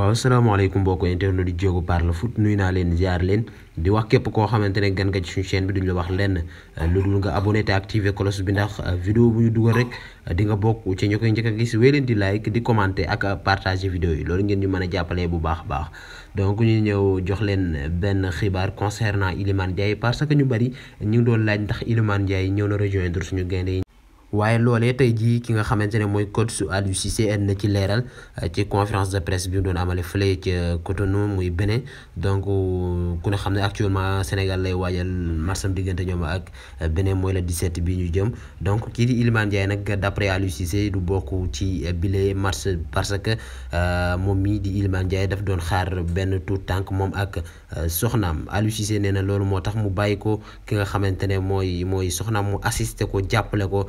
waaw asalaamaaleykum mbokk internet di Diégo Parle Foot nuyu naa leen jaar leen di wax képp koo xamante ne gan nga ci suñu chaîne bi duñu la wax lenn eh, lu dul nga abonné te activé bi ndax eh, vidéo bu dugal rek eh, di nga bokk ci ñu koy njëkk a gis wéy leen di like di commenter ak partager vidéo yi loolu ngeen ñu mën a jàppalee bu baax a baax donc ñu ñëw jox leen benn xibaar concernant Iliman Ndiaye parce que ñu bari ñu ngi doon laaj ndax Iliman Ndiaye ñëw na rejoindre suñu gaynde yi waaye loolee tey jii ki nga xamante ne mooy coach su Aliou Cissé na ci leeral euh, ci conférence de presse bi mu doon amale fële ci Cotonou muy Bénin donc ku ne xam ne actuellement Sénégal lay waajal marsam diggante ñoom ak euh, Bénin mooy la 17 bi ñu jëm donc kii di Iliman Ndiaye nag d'après Aliou Cissé du bokk ci euh, bile mars parce que moom mii di Iliman Ndiaye daf doon xaar benn tout tànk moom ak soxnaam Aliou Cissé nee na loolu moo tax mu bàyyi ko ki nga xamante ne mooy mooy soxnaam mu assisté ko jàppale ko.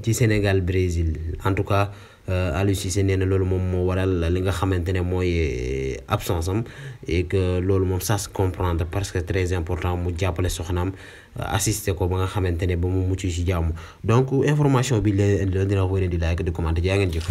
ci Sénégal Brésil en tout cas euh, Cissé nee na loolu moom moo waral li nga xamante ne mooy euh, absence am et que loolu moom ça se comprendre parce que très important mu jàppale soxnaam euh, assister ko ba nga xamante ne ba mu mucc ci jàmm donc information bi la dina ko wéne di like di commenter jaa ngeen jëf